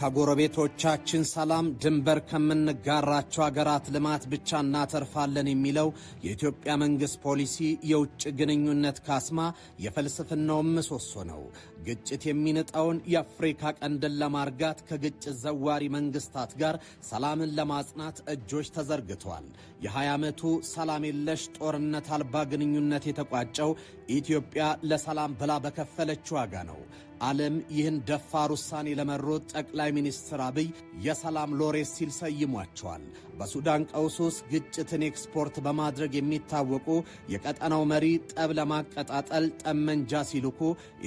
ከጎረቤቶቻችን ሰላም ድንበር ከምንጋራቸው አገራት ልማት ብቻ እናተርፋለን የሚለው የኢትዮጵያ መንግሥት ፖሊሲ የውጭ ግንኙነት ካስማ የፍልስፍናውም ምሰሶ ነው። ግጭት የሚነጣውን የአፍሪካ ቀንድን ለማርጋት ከግጭት ዘዋሪ መንግስታት ጋር ሰላምን ለማጽናት እጆች ተዘርግተዋል። የ20 ዓመቱ ሰላም የለሽ ጦርነት አልባ ግንኙነት የተቋጨው ኢትዮጵያ ለሰላም ብላ በከፈለች ዋጋ ነው። ዓለም ይህን ደፋር ውሳኔ ለመሮጥ ጠቅላይ ሚኒስትር አብይ የሰላም ሎሬት ሲል ሰይሟቸዋል። በሱዳን ቀውስ ውስጥ ግጭትን ኤክስፖርት በማድረግ የሚታወቁ የቀጠናው መሪ ጠብ ለማቀጣጠል ጠመንጃ ሲልኩ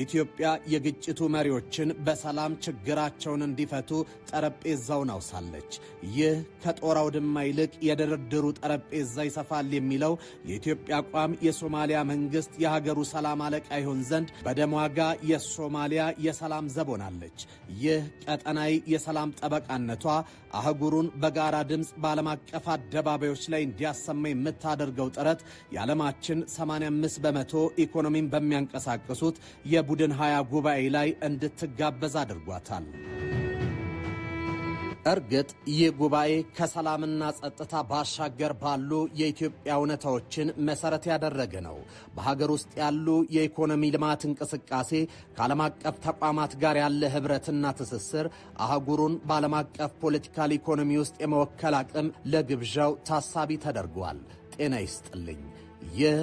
ኢትዮጵያ የግጭቱ መሪዎችን በሰላም ችግራቸውን እንዲፈቱ ጠረጴዛውን አውሳለች። ይህ ከጦር አውድማ ይልቅ የድርድሩ ጠረጴዛ ይሰፋል የሚለው የኢትዮጵያ አቋም የሶማሊያ መንግስት የሀገሩ ሰላም አለቃ ይሆን ዘንድ በደም ዋጋ የሶማሊያ የሰላም ዘብ ሆናለች። ይህ ቀጠናዊ የሰላም ጠበቃነቷ አህጉሩን በጋራ ድምፅ በዓለም አቀፍ አደባባዮች ላይ እንዲያሰማ የምታደርገው ጥረት የዓለማችን 85 በመቶ ኢኮኖሚን በሚያንቀሳቅሱት የቡድን ሀያ ጉባኤ ላይ እንድትጋበዝ አድርጓታል። እርግጥ ይህ ጉባኤ ከሰላምና ጸጥታ ባሻገር ባሉ የኢትዮጵያ እውነታዎችን መሰረት ያደረገ ነው። በሀገር ውስጥ ያሉ የኢኮኖሚ ልማት እንቅስቃሴ ከዓለም አቀፍ ተቋማት ጋር ያለ ህብረትና ትስስር አህጉሩን በዓለም አቀፍ ፖለቲካል ኢኮኖሚ ውስጥ የመወከል አቅም ለግብዣው ታሳቢ ተደርጓል። ጤና ይስጥልኝ። ይህ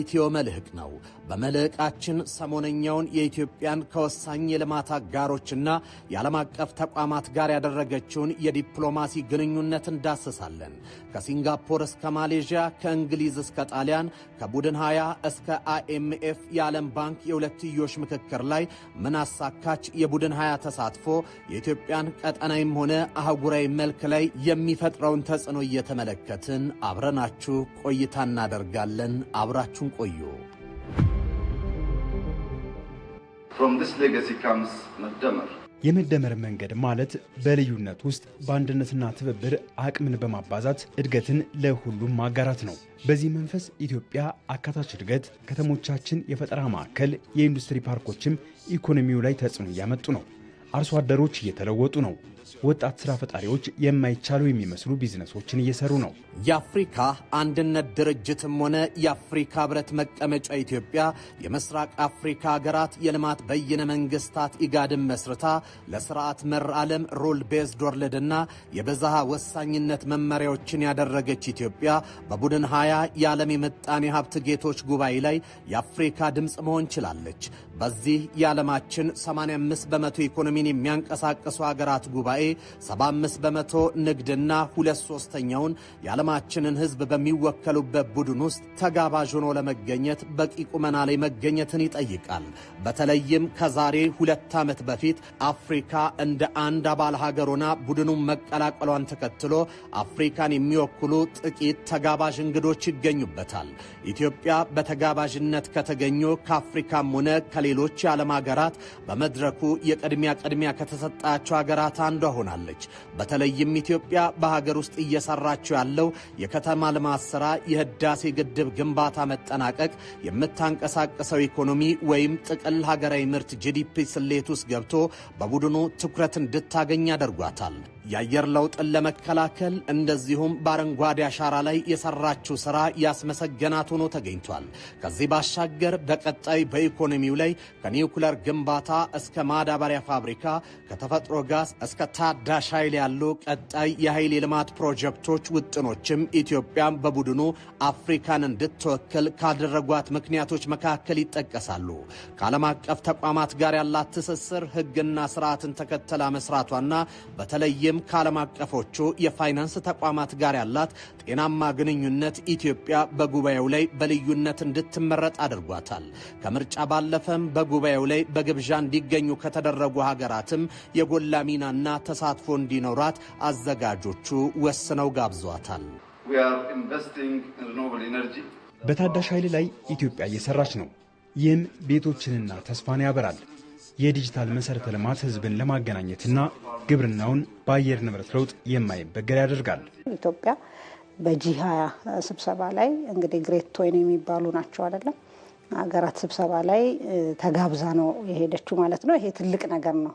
ኢትዮ መልሕቅ ነው። በመልሕቃችን ሰሞነኛውን የኢትዮጵያን ከወሳኝ የልማት አጋሮችና የዓለም አቀፍ ተቋማት ጋር ያደረገችውን የዲፕሎማሲ ግንኙነት እንዳሰሳለን ከሲንጋፖር እስከ ማሌዥያ፣ ከእንግሊዝ እስከ ጣሊያን፣ ከቡድን 20 እስከ አይኤምኤፍ የዓለም ባንክ የሁለትዮሽ ምክክር ላይ ምን አሳካች? የቡድን 20 ተሳትፎ የኢትዮጵያን ቀጠናዊም ሆነ አህጉራዊ መልክ ላይ የሚፈጥረውን ተጽዕኖ እየተመለከትን አብረናችሁ ቆይታ እናደርጋለን። አብራችሁን ቆዩ። መደመር የመደመር መንገድ ማለት በልዩነት ውስጥ በአንድነትና ትብብር አቅምን በማባዛት እድገትን ለሁሉም ማጋራት ነው። በዚህ መንፈስ ኢትዮጵያ አካታች እድገት፣ ከተሞቻችን የፈጠራ ማዕከል፣ የኢንዱስትሪ ፓርኮችም ኢኮኖሚው ላይ ተጽዕኖ እያመጡ ነው። አርሶ አደሮች እየተለወጡ ነው። ወጣት ስራ ፈጣሪዎች የማይቻሉ የሚመስሉ ቢዝነሶችን እየሰሩ ነው። የአፍሪካ አንድነት ድርጅትም ሆነ የአፍሪካ ህብረት መቀመጫ ኢትዮጵያ የምስራቅ አፍሪካ ሀገራት የልማት በይነ መንግስታት ኢጋድን መስርታ ለስርዓት መር ዓለም ሩል ቤዝድ ወርልድ እና የብዝሃ ወሳኝነት መመሪያዎችን ያደረገች ኢትዮጵያ በቡድን ሀያ የዓለም የምጣኔ ሀብት ጌቶች ጉባኤ ላይ የአፍሪካ ድምፅ መሆን ችላለች። በዚህ የዓለማችን 85 በመቶ ኢኮኖሚን የሚያንቀሳቅሱ ሀገራት ጉባኤ ጉባኤ 75 በመቶ ንግድና ሁለት ሶስተኛውን የዓለማችንን ሕዝብ በሚወከሉበት ቡድን ውስጥ ተጋባዥ ሆኖ ለመገኘት በቂ ቁመና ላይ መገኘትን ይጠይቃል። በተለይም ከዛሬ ሁለት ዓመት በፊት አፍሪካ እንደ አንድ አባል ሀገር ሆና ቡድኑን መቀላቀሏን ተከትሎ አፍሪካን የሚወክሉ ጥቂት ተጋባዥ እንግዶች ይገኙበታል። ኢትዮጵያ በተጋባዥነት ከተገኙ ከአፍሪካም ሆነ ከሌሎች የዓለም ሀገራት በመድረኩ የቅድሚያ ቅድሚያ ከተሰጣቸው ሀገራት አንዷ ሆናለች። በተለይም ኢትዮጵያ በሀገር ውስጥ እየሰራችው ያለው የከተማ ልማት ሥራ፣ የህዳሴ ግድብ ግንባታ መጠናቀቅ፣ የምታንቀሳቀሰው ኢኮኖሚ ወይም ጥቅል ሀገራዊ ምርት ጂዲፒ ስሌት ውስጥ ገብቶ በቡድኑ ትኩረት እንድታገኝ ያደርጓታል። የአየር ለውጥን ለመከላከል እንደዚሁም በአረንጓዴ አሻራ ላይ የሰራችው ስራ ያስመሰገናት ሆኖ ተገኝቷል። ከዚህ ባሻገር በቀጣይ በኢኮኖሚው ላይ ከኒውክለር ግንባታ እስከ ማዳበሪያ ፋብሪካ፣ ከተፈጥሮ ጋዝ እስከ ታዳሽ ኃይል ያሉ ቀጣይ የኃይል የልማት ፕሮጀክቶች ውጥኖችም ኢትዮጵያን በቡድኑ አፍሪካን እንድትወክል ካደረጓት ምክንያቶች መካከል ይጠቀሳሉ። ከዓለም አቀፍ ተቋማት ጋር ያላት ትስስር ህግና ስርዓትን ተከተላ መስራቷና በተለይም በተለይም ከዓለም አቀፎቹ የፋይናንስ ተቋማት ጋር ያላት ጤናማ ግንኙነት ኢትዮጵያ በጉባኤው ላይ በልዩነት እንድትመረጥ አድርጓታል። ከምርጫ ባለፈም በጉባኤው ላይ በግብዣ እንዲገኙ ከተደረጉ ሀገራትም የጎላ ሚናና ተሳትፎ እንዲኖራት አዘጋጆቹ ወስነው ጋብዟታል። በታዳሽ ኃይል ላይ ኢትዮጵያ እየሰራች ነው። ይህም ቤቶችንና ተስፋን ያበራል። የዲጂታል መሰረተ ልማት ህዝብን ለማገናኘትና ግብርናውን በአየር ንብረት ለውጥ የማይበገር ያደርጋል። ኢትዮጵያ በጂ ሀያ ስብሰባ ላይ እንግዲህ ግሬት ቶይን የሚባሉ ናቸው አይደለም ሀገራት ስብሰባ ላይ ተጋብዛ ነው የሄደችው ማለት ነው። ይሄ ትልቅ ነገር ነው።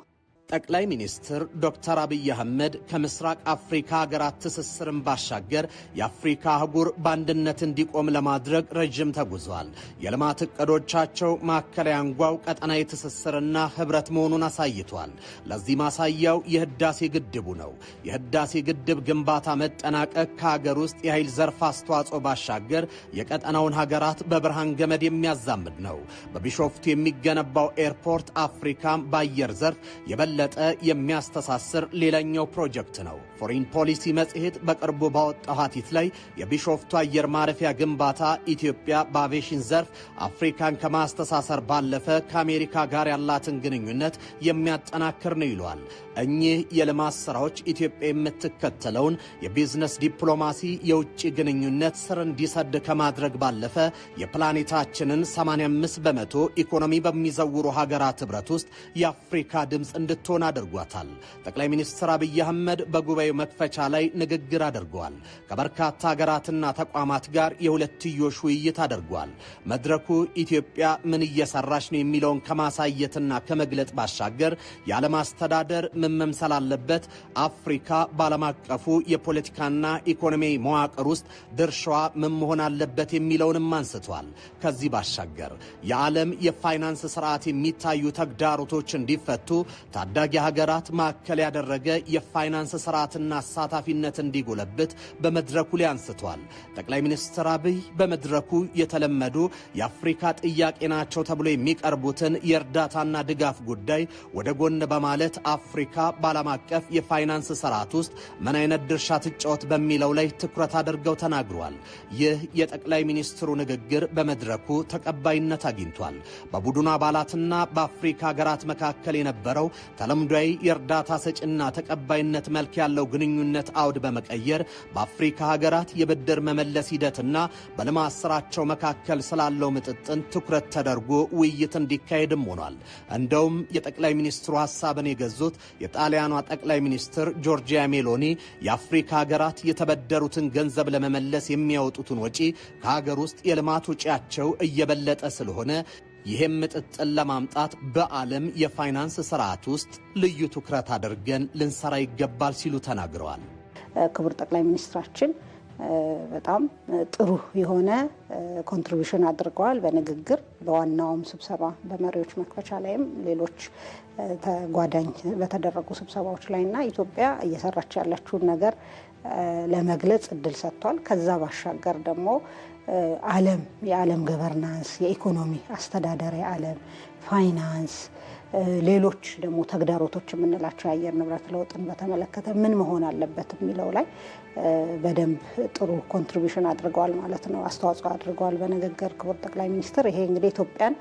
ጠቅላይ ሚኒስትር ዶክተር አብይ አህመድ ከምስራቅ አፍሪካ ሀገራት ትስስርን ባሻገር የአፍሪካ አህጉር በአንድነት እንዲቆም ለማድረግ ረዥም ተጉዟል። የልማት እቅዶቻቸው ማዕከላዊ አንጓው ቀጠናዊ ትስስርና ህብረት መሆኑን አሳይቷል። ለዚህ ማሳያው የህዳሴ ግድቡ ነው። የህዳሴ ግድብ ግንባታ መጠናቀቅ ከሀገር ውስጥ የኃይል ዘርፍ አስተዋጽኦ ባሻገር የቀጠናውን ሀገራት በብርሃን ገመድ የሚያዛምድ ነው። በቢሾፍቱ የሚገነባው ኤርፖርት አፍሪካም በአየር ዘርፍ የበለ የበለጠ የሚያስተሳስር ሌላኛው ፕሮጀክት ነው። ፎሪን ፖሊሲ መጽሔት በቅርቡ ባወጣው ሀቲት ላይ የቢሾፍቱ አየር ማረፊያ ግንባታ ኢትዮጵያ በአቬሽን ዘርፍ አፍሪካን ከማስተሳሰር ባለፈ ከአሜሪካ ጋር ያላትን ግንኙነት የሚያጠናክር ነው ይሏል። እኚህ የልማት ስራዎች ኢትዮጵያ የምትከተለውን የቢዝነስ ዲፕሎማሲ የውጭ ግንኙነት ስር እንዲሰድ ከማድረግ ባለፈ የፕላኔታችንን 85 በመቶ ኢኮኖሚ በሚዘውሩ ሀገራት ኅብረት ውስጥ የአፍሪካ ድምፅ እንድትሆን አድርጓታል። ጠቅላይ ሚኒስትር አብይ አህመድ በጉባኤው መክፈቻ ላይ ንግግር አድርገዋል። ከበርካታ ሀገራትና ተቋማት ጋር የሁለትዮሽ ውይይት አድርጓል። መድረኩ ኢትዮጵያ ምን እየሰራች ነው የሚለውን ከማሳየትና ከመግለጥ ባሻገር የዓለም አስተዳደር ምን መምሰል አለበት? አፍሪካ በዓለም አቀፉ የፖለቲካና ኢኮኖሚ መዋቅር ውስጥ ድርሻዋ ምን መሆን አለበት የሚለውንም አንስቷል። ከዚህ ባሻገር የዓለም የፋይናንስ ስርዓት የሚታዩ ተግዳሮቶች እንዲፈቱ ታዳጊ ሀገራት ማዕከል ያደረገ የፋይናንስ ስርዓትና አሳታፊነት እንዲጎለብት በመድረኩ ላይ አንስቷል። ጠቅላይ ሚኒስትር አብይ በመድረኩ የተለመዱ የአፍሪካ ጥያቄ ናቸው ተብሎ የሚቀርቡትን የእርዳታና ድጋፍ ጉዳይ ወደ ጎን በማለት አፍሪካ አሜሪካ በዓለም አቀፍ የፋይናንስ ስርዓት ውስጥ ምን አይነት ድርሻ ትጫወት በሚለው ላይ ትኩረት አድርገው ተናግሯል። ይህ የጠቅላይ ሚኒስትሩ ንግግር በመድረኩ ተቀባይነት አግኝቷል። በቡድኑ አባላትና በአፍሪካ ሀገራት መካከል የነበረው ተለምዷዊ የእርዳታ ሰጪና ተቀባይነት መልክ ያለው ግንኙነት አውድ በመቀየር በአፍሪካ ሀገራት የብድር መመለስ ሂደትና በልማት ስራቸው መካከል ስላለው ምጥጥን ትኩረት ተደርጎ ውይይት እንዲካሄድም ሆኗል። እንደውም የጠቅላይ ሚኒስትሩ ሀሳብን የገዙት የጣሊያኗ ጠቅላይ ሚኒስትር ጆርጂያ ሜሎኒ የአፍሪካ ሀገራት የተበደሩትን ገንዘብ ለመመለስ የሚያወጡትን ወጪ ከሀገር ውስጥ የልማት ወጪያቸው እየበለጠ ስለሆነ ይህም ምጥጥን ለማምጣት በዓለም የፋይናንስ ስርዓት ውስጥ ልዩ ትኩረት አድርገን ልንሰራ ይገባል ሲሉ ተናግረዋል። ክቡር ጠቅላይ ሚኒስትራችን በጣም ጥሩ የሆነ ኮንትሪቢሽን አድርገዋል። በንግግር በዋናውም ስብሰባ በመሪዎች መክፈቻ ላይም ሌሎች ተጓዳኝ በተደረጉ ስብሰባዎች ላይና ኢትዮጵያ እየሰራች ያለችውን ነገር ለመግለጽ እድል ሰጥቷል። ከዛ ባሻገር ደግሞ ዓለም የዓለም ገቨርናንስ የኢኮኖሚ አስተዳደር የዓለም ፋይናንስ ሌሎች ደግሞ ተግዳሮቶች የምንላቸው የአየር ንብረት ለውጥን በተመለከተ ምን መሆን አለበት የሚለው ላይ በደንብ ጥሩ ኮንትሪቢሽን አድርገዋል ማለት ነው፣ አስተዋጽኦ አድርገዋል በንግግር ክቡር ጠቅላይ ሚኒስትር። ይሄ እንግዲህ ኢትዮጵያን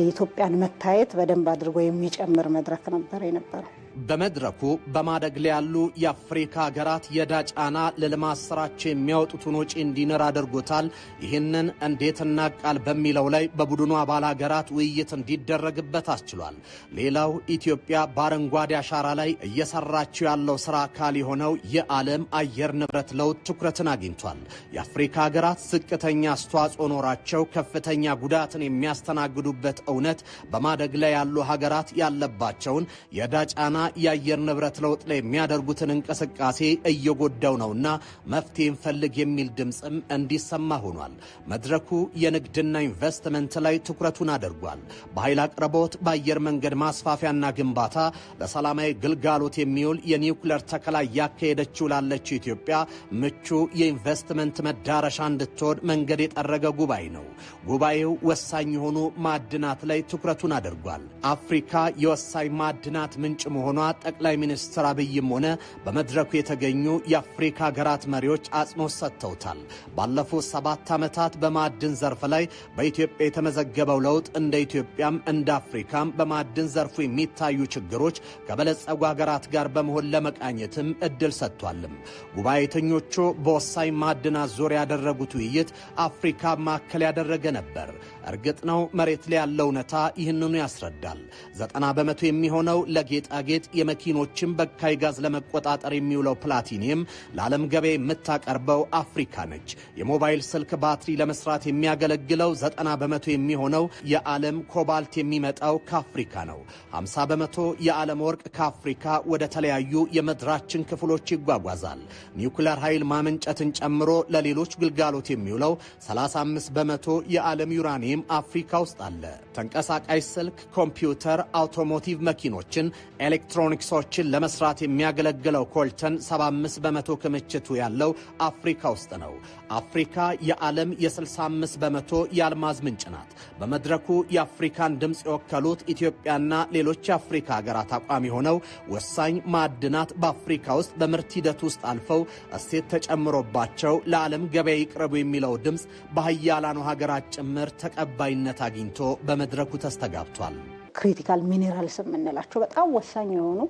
የኢትዮጵያን መታየት በደንብ አድርጎ የሚጨምር መድረክ ነበር የነበረው። በመድረኩ በማደግ ላይ ያሉ የአፍሪካ ሀገራት የዕዳ ጫና ለልማት ስራቸው የሚያወጡትን ወጪ እንዲንር አድርጎታል። ይህንን እንዴት እናቃል በሚለው ላይ በቡድኑ አባል ሀገራት ውይይት እንዲደረግበት አስችሏል። ሌላው ኢትዮጵያ በአረንጓዴ አሻራ ላይ እየሰራችው ያለው ስራ አካል የሆነው የዓለም አየር ንብረት ለውጥ ትኩረትን አግኝቷል። የአፍሪካ ሀገራት ዝቅተኛ አስተዋጽኦ ኖራቸው ከፍተኛ ጉዳትን የሚያስተናግዱበት እውነት በማደግ ላይ ያሉ ሀገራት ያለባቸውን የዕዳ ጫና የአየር ንብረት ለውጥ ላይ የሚያደርጉትን እንቅስቃሴ እየጎዳው ነውና መፍትሄ ፈልግ የሚል ድምፅም እንዲሰማ ሆኗል። መድረኩ የንግድና ኢንቨስትመንት ላይ ትኩረቱን አድርጓል። በኃይል አቅርቦት፣ በአየር መንገድ ማስፋፊያና ግንባታ፣ ለሰላማዊ ግልጋሎት የሚውል የኒውክለር ተከላ እያካሄደችው ላለችው ኢትዮጵያ ምቹ የኢንቨስትመንት መዳረሻ እንድትሆን መንገድ የጠረገ ጉባኤ ነው። ጉባኤው ወሳኝ የሆኑ ማዕድናት ላይ ትኩረቱን አድርጓል። አፍሪካ የወሳኝ ማዕድናት ምንጭ መሆኑ የሆኗ ጠቅላይ ሚኒስትር አብይም ሆነ በመድረኩ የተገኙ የአፍሪካ ሀገራት መሪዎች አጽንኦት ሰጥተውታል። ባለፉት ሰባት ዓመታት በማዕድን ዘርፍ ላይ በኢትዮጵያ የተመዘገበው ለውጥ እንደ ኢትዮጵያም እንደ አፍሪካም በማዕድን ዘርፉ የሚታዩ ችግሮች ከበለጸጉ ሀገራት ጋር በመሆን ለመቃኘትም እድል ሰጥቷልም። ጉባኤተኞቹ በወሳኝ ማዕድናት ዙሪያ ያደረጉት ውይይት አፍሪካ ማዕከል ያደረገ ነበር። እርግጥ ነው መሬት ላይ ያለው እውነታ ይህንኑ ያስረዳል። ዘጠና በመቶ የሚሆነው ለጌጣጌጥ የመኪኖችን በካይ ጋዝ ለመቆጣጠር የሚውለው ፕላቲኒየም ለዓለም ገበያ የምታቀርበው አፍሪካ ነች። የሞባይል ስልክ ባትሪ ለመስራት የሚያገለግለው ዘጠና በመቶ የሚሆነው የዓለም ኮባልት የሚመጣው ከአፍሪካ ነው። 50 በመቶ የዓለም ወርቅ ከአፍሪካ ወደ ተለያዩ የምድራችን ክፍሎች ይጓጓዛል። ኒውክለር ኃይል ማመንጨትን ጨምሮ ለሌሎች ግልጋሎት የሚውለው 35 በመቶ የዓለም ዩራኒየም ዛሬም አፍሪካ ውስጥ አለ። ተንቀሳቃሽ ስልክ፣ ኮምፒውተር፣ አውቶሞቲቭ መኪኖችን፣ ኤሌክትሮኒክሶችን ለመስራት የሚያገለግለው ኮልተን 75 በመቶ ክምችቱ ያለው አፍሪካ ውስጥ ነው። አፍሪካ የዓለም የ65 በመቶ የአልማዝ ምንጭ ናት። በመድረኩ የአፍሪካን ድምፅ የወከሉት ኢትዮጵያና ሌሎች የአፍሪካ ሀገራት አቋሚ ሆነው ወሳኝ ማዕድናት በአፍሪካ ውስጥ በምርት ሂደት ውስጥ አልፈው እሴት ተጨምሮባቸው ለዓለም ገበያ ይቅረቡ የሚለው ድምፅ በሀያላኑ ሀገራት ጭምር ተቀ ተቀባይነት አግኝቶ በመድረኩ ተስተጋብቷል። ክሪቲካል ሚኔራልስ የምንላቸው በጣም ወሳኝ የሆኑ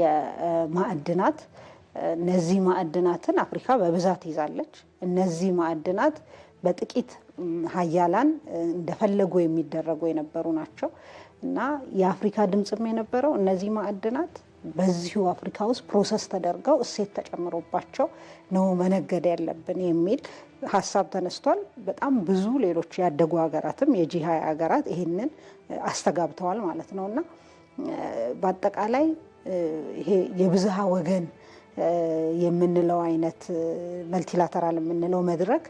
የማዕድናት እነዚህ ማዕድናትን አፍሪካ በብዛት ይዛለች። እነዚህ ማዕድናት በጥቂት ሀያላን እንደፈለጉ የሚደረጉ የነበሩ ናቸው እና የአፍሪካ ድምፅም የነበረው እነዚህ ማዕድናት በዚሁ አፍሪካ ውስጥ ፕሮሰስ ተደርገው እሴት ተጨምሮባቸው ነው መነገድ ያለብን የሚል ሀሳብ ተነስቷል። በጣም ብዙ ሌሎች ያደጉ ሀገራትም የጂ ሀገራት ይህንን አስተጋብተዋል ማለት ነው እና በአጠቃላይ ይሄ የብዝሃ ወገን የምንለው አይነት መልቲላተራል የምንለው መድረክ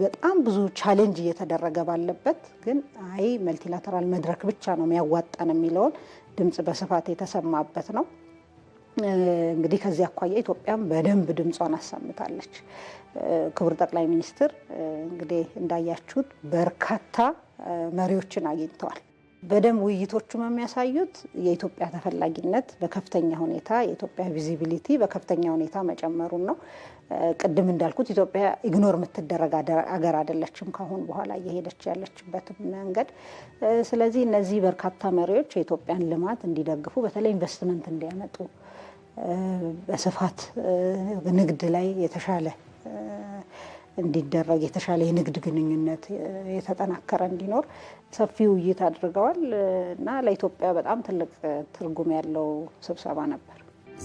በጣም ብዙ ቻሌንጅ እየተደረገ ባለበት ግን አይ መልቲላተራል መድረክ ብቻ ነው የሚያዋጣን የሚለውን ድምፅ በስፋት የተሰማበት ነው። እንግዲህ ከዚህ አኳያ ኢትዮጵያም በደንብ ድምጿን አሰምታለች። ክቡር ጠቅላይ ሚኒስትር እንግዲህ እንዳያችሁት በርካታ መሪዎችን አግኝተዋል። በደንብ ውይይቶቹም የሚያሳዩት የኢትዮጵያ ተፈላጊነት በከፍተኛ ሁኔታ የኢትዮጵያ ቪዚቢሊቲ በከፍተኛ ሁኔታ መጨመሩን ነው። ቅድም እንዳልኩት ኢትዮጵያ ኢግኖር የምትደረግ አገር አይደለችም፣ ካሁን በኋላ እየሄደች ያለችበት መንገድ። ስለዚህ እነዚህ በርካታ መሪዎች የኢትዮጵያን ልማት እንዲደግፉ፣ በተለይ ኢንቨስትመንት እንዲያመጡ በስፋት ንግድ ላይ የተሻለ እንዲደረግ የተሻለ የንግድ ግንኙነት የተጠናከረ እንዲኖር ሰፊ ውይይት አድርገዋል እና ለኢትዮጵያ በጣም ትልቅ ትርጉም ያለው ስብሰባ ነበር።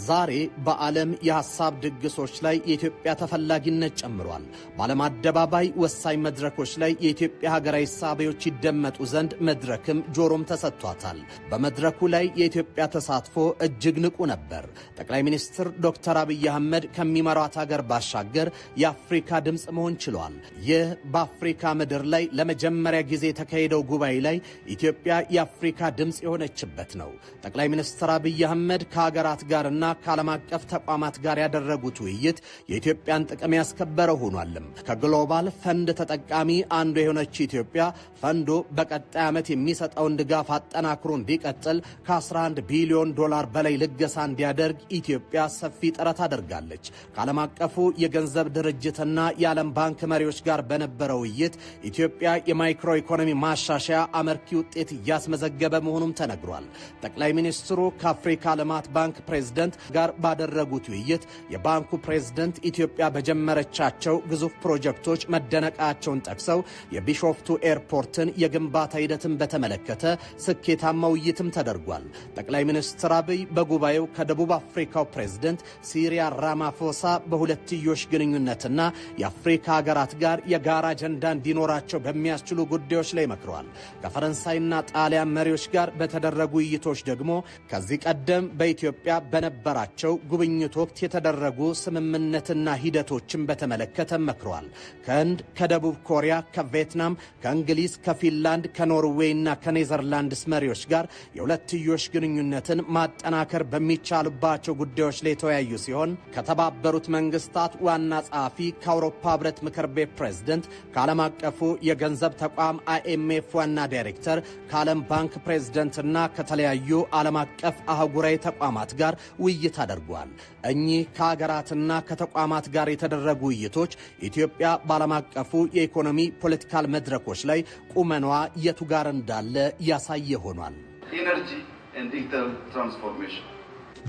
ዛሬ በዓለም የሐሳብ ድግሶች ላይ የኢትዮጵያ ተፈላጊነት ጨምሯል። በዓለም አደባባይ ወሳኝ መድረኮች ላይ የኢትዮጵያ ሀገራዊ ሳቢዎች ይደመጡ ዘንድ መድረክም ጆሮም ተሰጥቷታል። በመድረኩ ላይ የኢትዮጵያ ተሳትፎ እጅግ ንቁ ነበር። ጠቅላይ ሚኒስትር ዶክተር አብይ አህመድ ከሚመሯት ሀገር ባሻገር የአፍሪካ ድምፅ መሆን ችሏል። ይህ በአፍሪካ ምድር ላይ ለመጀመሪያ ጊዜ የተካሄደው ጉባኤ ላይ ኢትዮጵያ የአፍሪካ ድምፅ የሆነችበት ነው። ጠቅላይ ሚኒስትር አብይ አህመድ ከሀገራት ጋርና መንግስትና ከዓለም አቀፍ ተቋማት ጋር ያደረጉት ውይይት የኢትዮጵያን ጥቅም ያስከበረ ሆኗልም። ከግሎባል ፈንድ ተጠቃሚ አንዱ የሆነች ኢትዮጵያ ፈንዱ በቀጣይ ዓመት የሚሰጠውን ድጋፍ አጠናክሮ እንዲቀጥል ከ11 ቢሊዮን ዶላር በላይ ልገሳ እንዲያደርግ ኢትዮጵያ ሰፊ ጥረት አደርጋለች። ከዓለም አቀፉ የገንዘብ ድርጅትና የዓለም ባንክ መሪዎች ጋር በነበረ ውይይት ኢትዮጵያ የማይክሮ ኢኮኖሚ ማሻሻያ አመርኪ ውጤት እያስመዘገበ መሆኑም ተነግሯል። ጠቅላይ ሚኒስትሩ ከአፍሪካ ልማት ባንክ ፕሬዝደንት ፕሬዝደንት ጋር ባደረጉት ውይይት የባንኩ ፕሬዝደንት ኢትዮጵያ በጀመረቻቸው ግዙፍ ፕሮጀክቶች መደነቃቸውን ጠቅሰው የቢሾፍቱ ኤርፖርትን የግንባታ ሂደትን በተመለከተ ስኬታማ ውይይትም ተደርጓል። ጠቅላይ ሚኒስትር አብይ በጉባኤው ከደቡብ አፍሪካው ፕሬዝደንት ሲሪያ ራማፎሳ በሁለትዮሽ ግንኙነትና የአፍሪካ ሀገራት ጋር የጋራ አጀንዳ እንዲኖራቸው በሚያስችሉ ጉዳዮች ላይ መክረዋል። ከፈረንሳይና ጣሊያን መሪዎች ጋር በተደረጉ ውይይቶች ደግሞ ከዚህ ቀደም በኢትዮጵያ በነበ በነበራቸው ጉብኝት ወቅት የተደረጉ ስምምነትና ሂደቶችን በተመለከተ መክረዋል። ከህንድ፣ ከደቡብ ኮሪያ፣ ከቪየትናም፣ ከእንግሊዝ፣ ከፊንላንድ፣ ከኖርዌይ እና ከኔዘርላንድስ መሪዎች ጋር የሁለትዮሽ ግንኙነትን ማጠናከር በሚቻልባቸው ጉዳዮች ላይ የተወያዩ ሲሆን ከተባበሩት መንግስታት ዋና ጸሐፊ፣ ከአውሮፓ ህብረት ምክር ቤት ፕሬዝደንት፣ ከዓለም አቀፉ የገንዘብ ተቋም አይኤምኤፍ ዋና ዳይሬክተር፣ ከዓለም ባንክ ፕሬዝደንትና ከተለያዩ ዓለም አቀፍ አህጉራዊ ተቋማት ጋር ውይይት አድርጓል። እኚህ ከሀገራትና ከተቋማት ጋር የተደረጉ ውይይቶች ኢትዮጵያ በዓለም አቀፉ የኢኮኖሚ ፖለቲካል መድረኮች ላይ ቁመኗ የቱ ጋር እንዳለ ያሳየ ሆኗል።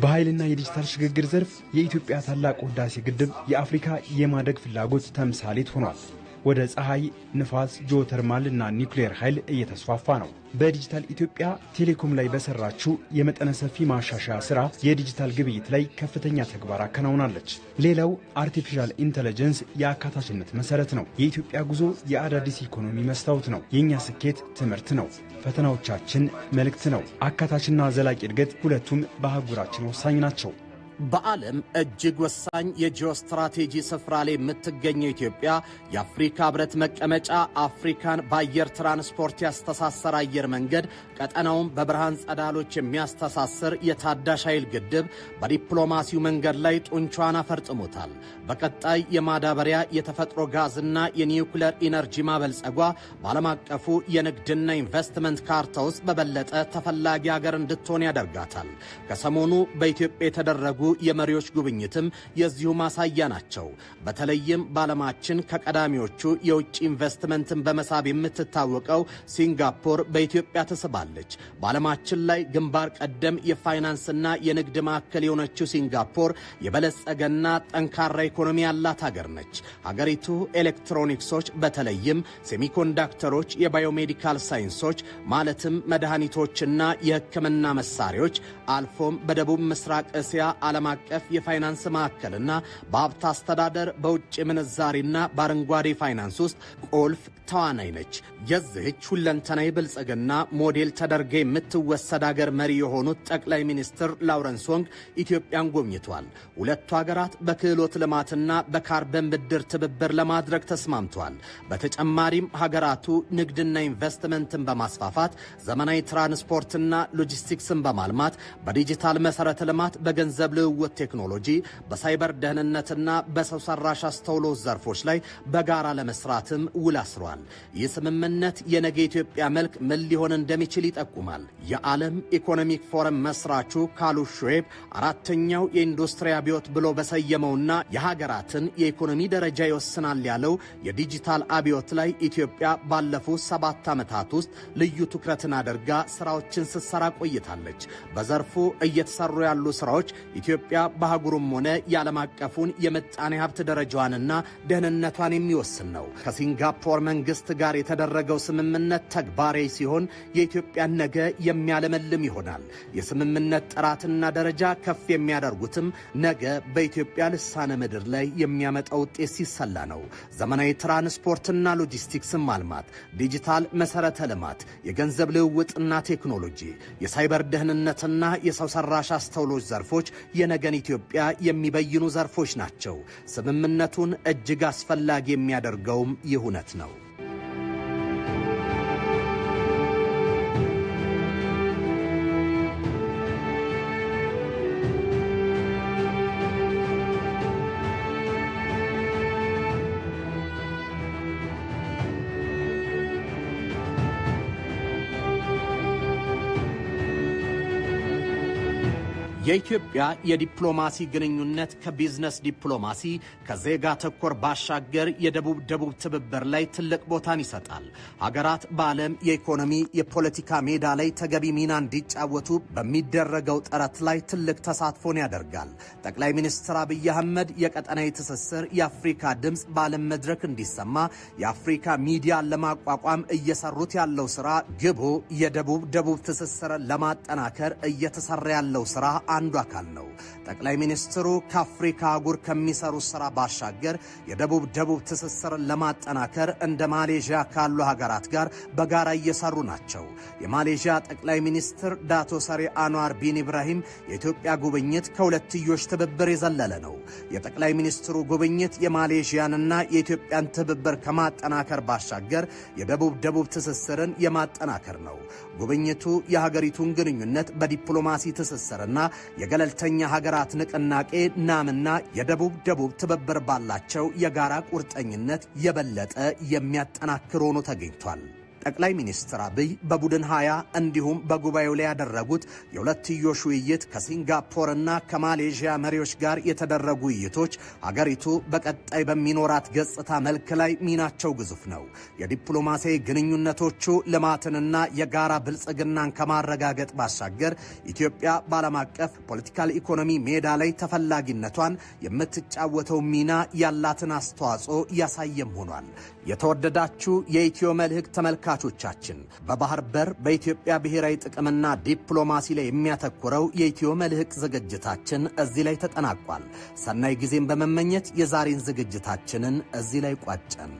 በኃይልና የዲጂታል ሽግግር ዘርፍ የኢትዮጵያ ታላቅ ወዳሴ ግድብ የአፍሪካ የማደግ ፍላጎት ተምሳሌት ሆኗል። ወደ ፀሐይ፣ ንፋስ፣ ጂኦተርማል እና ኒውክሌር ኃይል እየተስፋፋ ነው። በዲጂታል ኢትዮጵያ ቴሌኮም ላይ በሰራችው የመጠነ ሰፊ ማሻሻያ ስራ የዲጂታል ግብይት ላይ ከፍተኛ ተግባር አከናውናለች። ሌላው አርቲፊሻል ኢንተለጀንስ የአካታችነት መሰረት ነው። የኢትዮጵያ ጉዞ የአዳዲስ ኢኮኖሚ መስታወት ነው። የእኛ ስኬት ትምህርት ነው። ፈተናዎቻችን መልእክት ነው። አካታችና ዘላቂ እድገት ሁለቱም በአህጉራችን ወሳኝ ናቸው። በዓለም እጅግ ወሳኝ የጂኦ ስትራቴጂ ስፍራ ላይ የምትገኘው ኢትዮጵያ የአፍሪካ ህብረት መቀመጫ አፍሪካን በአየር ትራንስፖርት ያስተሳሰረ አየር መንገድ ቀጠናውን በብርሃን ጸዳሎች የሚያስተሳስር የታዳሽ ኃይል ግድብ በዲፕሎማሲው መንገድ ላይ ጡንቿን አፈርጥሞታል። በቀጣይ የማዳበሪያ የተፈጥሮ ጋዝና የኒውክለር ኢነርጂ ማበልጸጓ በዓለም አቀፉ የንግድና ኢንቨስትመንት ካርታ ውስጥ በበለጠ ተፈላጊ ሀገር እንድትሆን ያደርጋታል። ከሰሞኑ በኢትዮጵያ የተደረጉ የመሪዎች ጉብኝትም የዚሁ ማሳያ ናቸው። በተለይም በዓለማችን ከቀዳሚዎቹ የውጭ ኢንቨስትመንትን በመሳብ የምትታወቀው ሲንጋፖር በኢትዮጵያ ትስባለች። በዓለማችን ላይ ግንባር ቀደም የፋይናንስና የንግድ ማዕከል የሆነችው ሲንጋፖር የበለጸገና ጠንካራ ኢኮኖሚ ያላት ሀገር ነች። ሀገሪቱ ኤሌክትሮኒክሶች፣ በተለይም ሴሚኮንዳክተሮች፣ የባዮሜዲካል ሳይንሶች ማለትም መድኃኒቶችና የሕክምና መሳሪያዎች አልፎም በደቡብ ምስራቅ እስያ ዓለም አቀፍ የፋይናንስ ማዕከልና በሀብት አስተዳደር በውጭ ምንዛሪና በአረንጓዴ ፋይናንስ ውስጥ ቁልፍ ተዋናይ ነች። የዚህች ሁለንተናዊ ብልጽግና ሞዴል ተደርገ የምትወሰድ አገር መሪ የሆኑት ጠቅላይ ሚኒስትር ላውረንስ ወንግ ኢትዮጵያን ጎብኝቷል። ሁለቱ ሀገራት በክህሎት ልማትና በካርበን ብድር ትብብር ለማድረግ ተስማምተዋል። በተጨማሪም ሀገራቱ ንግድና ኢንቨስትመንትን በማስፋፋት ዘመናዊ ትራንስፖርትና ሎጂስቲክስን በማልማት በዲጂታል መሠረተ ልማት በገንዘብ ልውውጥ ቴክኖሎጂ በሳይበር ደህንነትና በሰው ሰራሽ አስተውሎ ዘርፎች ላይ በጋራ ለመስራትም ውል አስሯል። ይህ ስምምነት የነገ ኢትዮጵያ መልክ ምን ሊሆን እንደሚችል ይጠቁማል። የዓለም ኢኮኖሚክ ፎረም መስራቹ ካሉ ሽዌብ አራተኛው የኢንዱስትሪ አብዮት ብሎ በሰየመውና የሀገራትን የኢኮኖሚ ደረጃ ይወስናል ያለው የዲጂታል አብዮት ላይ ኢትዮጵያ ባለፉት ሰባት ዓመታት ውስጥ ልዩ ትኩረትን አድርጋ ስራዎችን ስትሰራ ቆይታለች። በዘርፉ እየተሰሩ ያሉ ስራዎች ኢትዮ ኢትዮጵያ በአህጉሩም ሆነ የዓለም አቀፉን የምጣኔ ሀብት ደረጃዋንና ደህንነቷን የሚወስን ነው። ከሲንጋፖር መንግስት ጋር የተደረገው ስምምነት ተግባራዊ ሲሆን የኢትዮጵያን ነገ የሚያለመልም ይሆናል። የስምምነት ጥራትና ደረጃ ከፍ የሚያደርጉትም ነገ በኢትዮጵያ ልሳነ ምድር ላይ የሚያመጣው ውጤት ሲሰላ ነው። ዘመናዊ ትራንስፖርትና ሎጂስቲክስን ማልማት፣ ዲጂታል መሰረተ ልማት፣ የገንዘብ ልውውጥና ቴክኖሎጂ፣ የሳይበር ደህንነትና የሰው ሰራሽ አስተውሎች ዘርፎች የነገን ኢትዮጵያ የሚበይኑ ዘርፎች ናቸው። ስምምነቱን እጅግ አስፈላጊ የሚያደርገውም ይህ እውነት ነው። የኢትዮጵያ የዲፕሎማሲ ግንኙነት ከቢዝነስ ዲፕሎማሲ ከዜጋ ተኮር ባሻገር የደቡብ ደቡብ ትብብር ላይ ትልቅ ቦታን ይሰጣል። ሀገራት በዓለም የኢኮኖሚ የፖለቲካ ሜዳ ላይ ተገቢ ሚና እንዲጫወቱ በሚደረገው ጥረት ላይ ትልቅ ተሳትፎን ያደርጋል። ጠቅላይ ሚኒስትር አብይ አህመድ የቀጠናዊ ትስስር የአፍሪካ ድምፅ በዓለም መድረክ እንዲሰማ የአፍሪካ ሚዲያን ለማቋቋም እየሰሩት ያለው ስራ ግቡ የደቡብ ደቡብ ትስስርን ለማጠናከር እየተሰራ ያለው ስራ አንዱ አካል ነው። ጠቅላይ ሚኒስትሩ ከአፍሪካ አህጉር ከሚሰሩ ስራ ባሻገር የደቡብ ደቡብ ትስስርን ለማጠናከር እንደ ማሌዥያ ካሉ ሀገራት ጋር በጋራ እየሰሩ ናቸው። የማሌዥያ ጠቅላይ ሚኒስትር ዳቶ ሰሪ አንዋር ቢን ኢብራሂም የኢትዮጵያ ጉብኝት ከሁለትዮሽ ትብብር የዘለለ ነው። የጠቅላይ ሚኒስትሩ ጉብኝት የማሌዥያንና የኢትዮጵያን ትብብር ከማጠናከር ባሻገር የደቡብ ደቡብ ትስስርን የማጠናከር ነው። ጉብኝቱ የሀገሪቱን ግንኙነት በዲፕሎማሲ ትስስርና የገለልተኛ ሀገራት ንቅናቄ ናምና የደቡብ ደቡብ ትብብር ባላቸው የጋራ ቁርጠኝነት የበለጠ የሚያጠናክር ሆኖ ተገኝቷል። ጠቅላይ ሚኒስትር አብይ በቡድን ሀያ እንዲሁም በጉባኤው ላይ ያደረጉት የሁለትዮሽ ውይይት ከሲንጋፖርና ከማሌዥያ መሪዎች ጋር የተደረጉ ውይይቶች አገሪቱ በቀጣይ በሚኖራት ገጽታ መልክ ላይ ሚናቸው ግዙፍ ነው። የዲፕሎማሲያዊ ግንኙነቶቹ ልማትንና የጋራ ብልጽግናን ከማረጋገጥ ባሻገር ኢትዮጵያ በዓለም አቀፍ ፖለቲካል ኢኮኖሚ ሜዳ ላይ ተፈላጊነቷን የምትጫወተው ሚና ያላትን አስተዋጽኦ ያሳየም ሆኗል። የተወደዳችሁ የኢትዮ መልሕቅ ተመልካቾቻችን በባህር በር በኢትዮጵያ ብሔራዊ ጥቅምና ዲፕሎማሲ ላይ የሚያተኩረው የኢትዮ መልሕቅ ዝግጅታችን እዚህ ላይ ተጠናቋል። ሰናይ ጊዜን በመመኘት የዛሬን ዝግጅታችንን እዚህ ላይ ቋጨን።